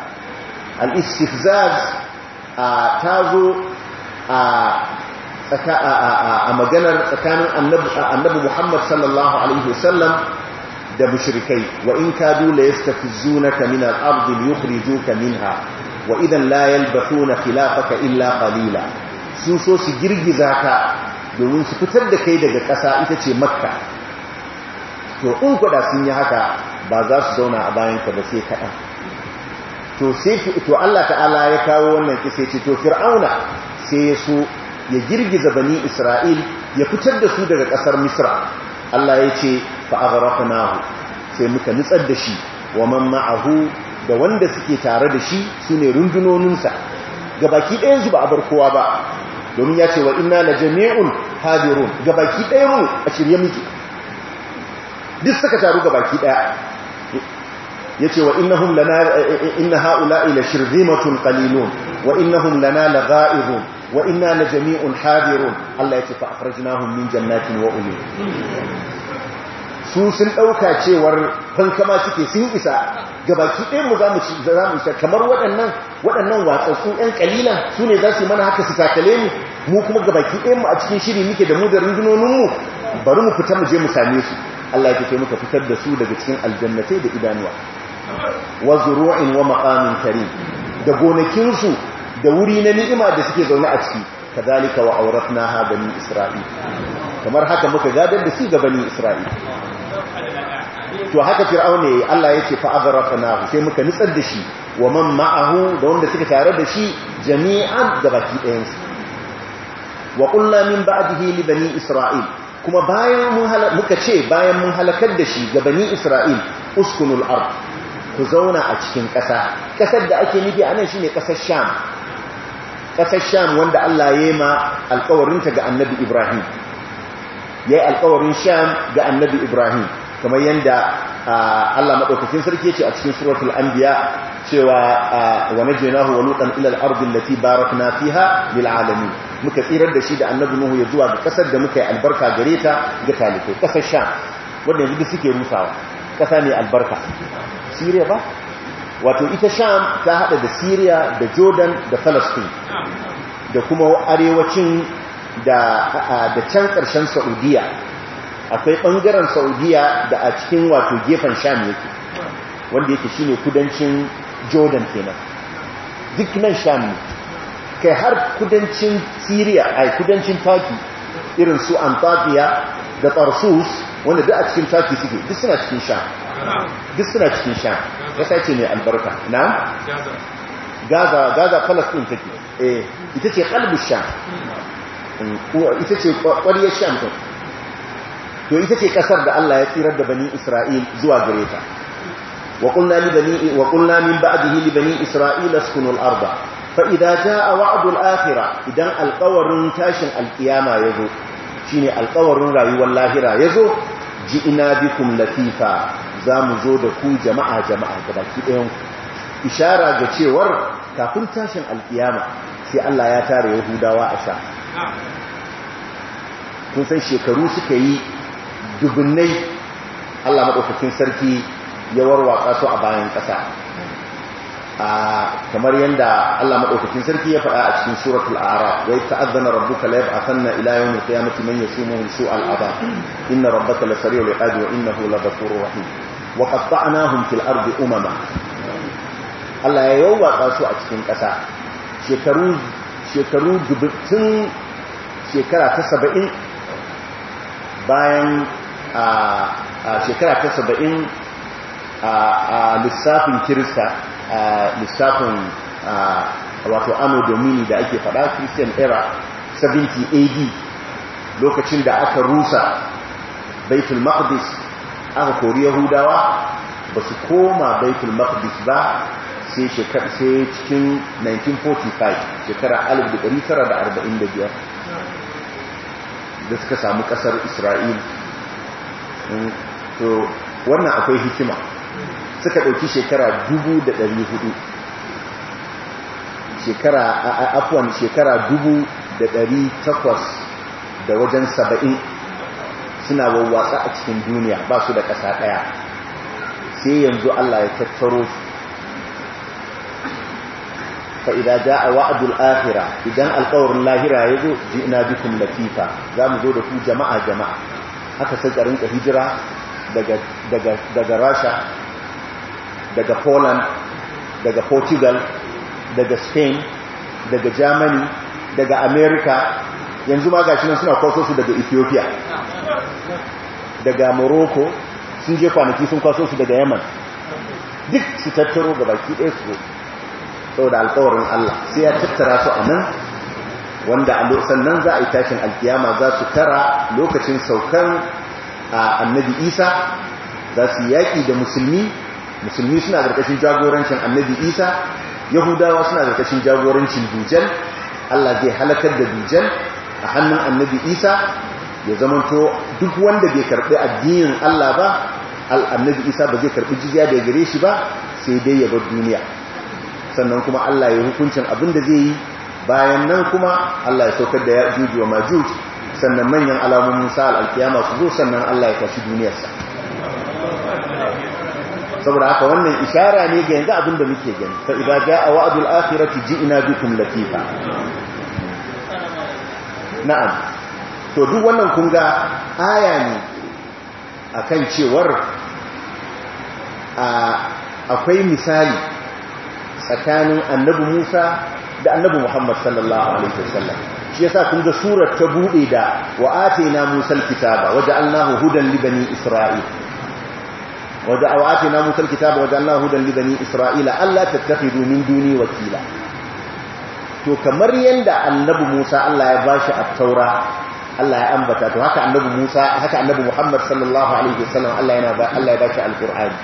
al-istifzaz ta zo a a maganar tsakanin annabi Muhammad sallallahu alaihi wasallam da mushrikai wa in ka ya kadu la yastafizunaka min al-ard yukhrijuka ha wa idan la na filafaka illa qalila sun so su girgiza ka domin su fitar da kai daga ƙasa ita ce makka to in kwada sun yi haka ba za su zauna a bayan ka ba sai kaɗan to sai to Allah ta'ala ya kawo wannan kisa ce to fir'auna sai ya so ya girgiza bani isra'il ya fitar da su daga ƙasar misra Allah ya ce fa'agharafnahu sai muka nutsar da shi wa man ma'ahu da wanda suke tare da shi sune rundunoninsa ga baki ba a bar kowa ba domin ya ce wa inna na jami'un hadirun ga baki ɗaya mu a shirya muke duk suka taru ga baki ɗaya ya ce wa innahum lana ha'ula'i la shirzimatun ƙalilun wa innahum lana lagha'irun wa inna la jami'un hadirun Allah ya ce fa akhrajnahum min jannatin wa uyun su sun ɗauka cewar bankama suke sun isa gabaki ɗayan mu zamu ci isa kamar waɗannan waɗannan watsatsu ɗan kalilan su ne za su mana haka su sakale mu mu kuma gabaki ɗayan mu a cikin shiri muke da mu da rundunonin mu bari mu fita mu je mu same su Allah ya ce muka fitar da su daga cikin aljannatai da idanuwa wa zuru'in wa maqamin karim da gonakinsu da wuri na ni'ima da suke zaune a ciki kazalika wa ha bani isra'il kamar haka muka gadar da su ga bani isra'il to haka fir'auna ne Allah yake fa aghraqnahu sai muka nitsar da shi wa man ma'ahu da wanda suka tare da shi jami'an da baki ɗayan su wa qulna min ba'dihi li bani isra'il kuma bayan mun muka ce bayan mun halakar da shi ga bani isra'il uskunul ard ku zauna a cikin ƙasa ƙasar da ake nufi anan shine ƙasar sham ƙasar sham wanda Allah ya yi ma alkawarinta ga annabi ibrahim ya yi alkawarin sham ga annabi ibrahim kamar yadda Allah maɗaukacin sarki ce a cikin suratul ambiya cewa wa najaynahu ilal lutan da ti barak na fi ha lil alami muka tsirar da shi da annabi nuhu ya zuwa ga kasar da muka yi albarka gare ta ga talifai kasar sham wanda yanzu suke rusawa ƙasa ne albarka Siriya ba wato ita sham ta haɗa da Siriya da jordan da Falastin. da kuma arewacin da can ƙarshen saudiya akwai ɓangaren saudiya da a cikin wato gefen sham yake wanda yake shine kudancin jordan kenan duk nan sham kai har kudancin syria a kudancin taki irin su antakiya da tarsus wanda duk a cikin taki suke duk suna cikin sham duk suna cikin sham ƙasa ce mai albarka na? gaza gaza palestine take eh ita ce qalbu sham mm, ita ce ƙwariyar sham to ita ce kasar da Allah ya tsirar da bani Isra'il zuwa gare ta wa qulna li bani wa qulna min ba'dihi li bani Isra'il askunu al-arda fa idza jaa akhirah idan alqawarin tashin al-qiyama yazo shine alqawarin rayuwar lahira yazo ji'ina bikum latifa zamu zo da ku jama'a jama'a gabaki ɗayan ku ishara ga cewar kafin tashin alkiyama sai Allah ya tara yahudawa a sha kun san shekaru suka yi dubunnai Allah maɗaukakin sarki ya warwatsa su a bayan ƙasa kamar yadda Allah maɗaukakin sarki ya faɗa a cikin suratul ara wa yi ta'azzana rabbuka la yab'athanna ila yawm al manya su yasumuhu su al'ada. inna rabbaka lasari sari'ul iqab wa hula la ghafurur rahim wa qatta'nahum fil ardi umama Allah ya yawwaka su a cikin ƙasa shekaru shekaru tun shekara ta saba'in bayan a shekara ta saba'in a lissafin kirista a lissafin wato ano domini da ake faɗa christian era 70 ad lokacin da aka rusa baitul maqdis aka kori yahudawa ba su koma baitul maqdis ba sai cikin 1945 shekara 1945 da suka samu kasar isra'il mm, to wannan akwai hikima suka ɗauki shekara 1400 shekara afwan shekara 1800 da wajen 70 suna wawwatsa a cikin duniya ba su da kasa ɗaya sai yanzu Allah ya tattaro su fa da a wa’adul ahira idan alƙawarin lahira ya zo ji ina bikum latifa mu zo da ku jama'a jama'a haka sai ka rinka hijira daga Rasha daga Poland daga Portugal daga Spain daga Germany daga America yanzu ma gashi nan suna kwaso su daga Ethiopia daga Morocco sun je kwanaki sun kwaso su daga Yemen duk su tattaro ga baki ɗaya su saboda alkawarin Allah sai ya tattara su a nan wanda a lokacin nan za a yi tashin alkiyama za su tara lokacin saukan annabi isa za su yaƙi da musulmi musulmi suna ƙarƙashin jagorancin annabi isa yahudawa suna ƙarƙashin jagorancin dujan allah zai halakar da dujan a hannun annabi isa ya zamanto duk wanda bai karɓi addinin allah ba annabi isa ba zai karɓi jizya da gare shi ba sai dai ya bar duniya sannan kuma Allah ya hukuncin abin da zai yi bayan nan kuma Allah ya saukar da yajuj wa majuj sannan manyan alamomin musa al su zo sannan Allah ya tashi duniyarsa saboda haka wannan ishara ne ga yanzu abin da muke gani fa a jaa wa'dul akhirati ina bikum latifa na'am to duk wannan kun ga aya ne akan cewar akwai misali tsakanin annabi Musa da annabi Muhammad sallallahu alaihi wasallam shi yasa kun ga surar ta bude da wa atina Musa alkitaba wa ja'alnahu hudan li bani Isra'il wa ja'alna Musa alkitaba wa ja'alnahu hudan li bani Isra'ila alla tattakhidu min duni wakila to kamar yanda annabi Musa Allah ya bashi at-taura Allah ya ambata to haka annabi Musa haka annabi Muhammad sallallahu alaihi wasallam Allah yana Allah ya bashi al-Qur'ani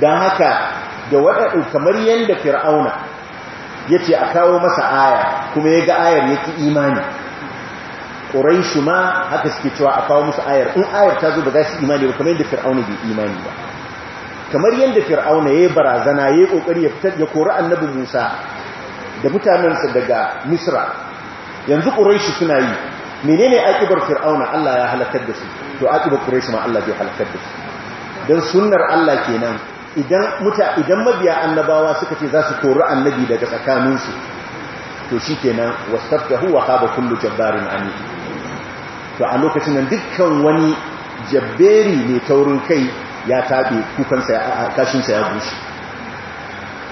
dan haka da waɗanda kamar yadda fir'auna ya ce a kawo masa aya kuma ya ga ayar ya ki imani ƙuraishu ma haka suke cewa a kawo masa ayar in ayar ta zo ba za su imani ba kamar yadda fir'auna bai imani ba kamar yadda fir'auna ya yi barazana ya yi ƙoƙari ya fitar ya kori annabi musa da mutanensa daga misra yanzu ƙuraishu suna yi menene aƙibar fir'auna Allah ya halakar da su to akibar quraish ma Allah zai halakar da su dan sunnar Allah kenan idan muta idan mabiya annabawa suka ce za su kori annabi daga tsakaninsu to shi kenan wastaftahu huwa haɓa kullu jabbarin ani to a lokacin nan dukkan wani jabberi mai taurin kai ya tabe kukansa ya kashinsa ya bushe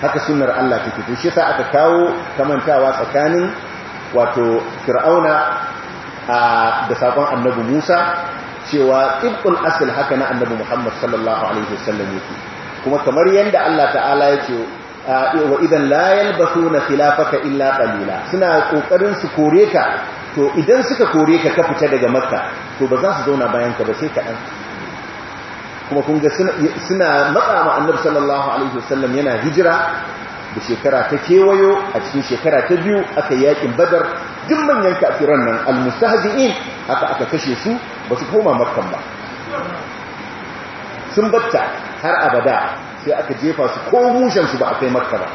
haka sunnar Allah take to shi sa aka kawo kamantawa tsakanin wato fir'auna da sakon annabi Musa cewa ibul asl haka na annabi Muhammad sallallahu alaihi wasallam yake kuma kamar yadda Allah ta'ala ya ce wa idan su na filafaka illa qalila suna ƙoƙarin su kore ka to idan suka kore ka ka fita daga makka to ba za su zauna bayan ka ba sai kaɗan kuma kun ga suna matsa ma annabi sallallahu alaihi wasallam yana hijira da shekara ta kewayo a cikin shekara ta biyu aka yakin badar duk manyan kafiran nan al-mustahzi'in aka aka kashe su ba su koma makkan ba sun batta har abada sai aka jefa su ko mushensu ba a kai makka ba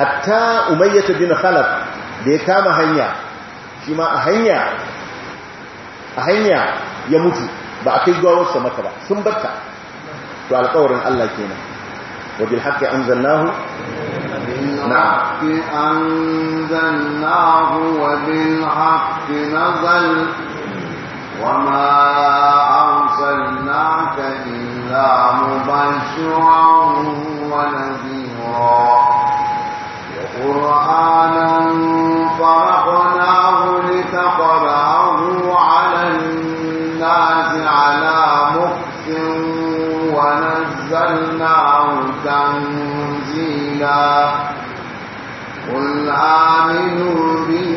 hatta umayyata bin khalaf da ya kama hanya shi ma a hanya a hanya ya mutu ba a kai gawarsa maka ba sun batta to alƙawarin Allah kenan wajen haka an zannahu بالحق أنزلناه وبالحق نزل وما مبشرا ونذيرا قرآنا فرقناه لتقرأه على الناس على مكس ونزلناه تنزيلا قل آمنوا به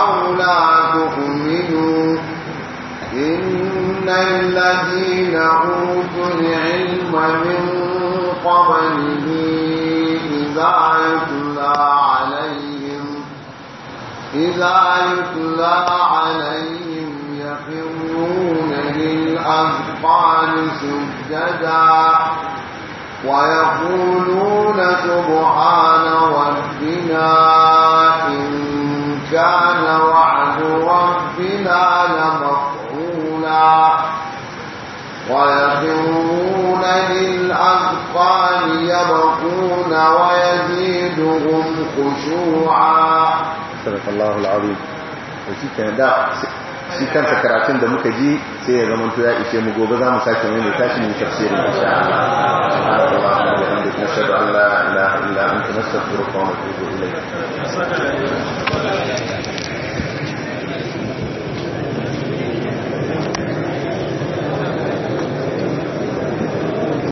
أو لا تؤمنوا إن الذين هم يتلى عليهم يخرون للأذقان سجدا ويقولون سبحان ربنا إن كان وعد ربنا لمفعولا ويخرون للأذقان يبقون ويزيدهم خشوعا sadaqallahu alazim shi da shi kansa karatun da muka ji sai ya zama ya ishe mu gobe za mu sake mai tashi mu tafsiri insha Allah la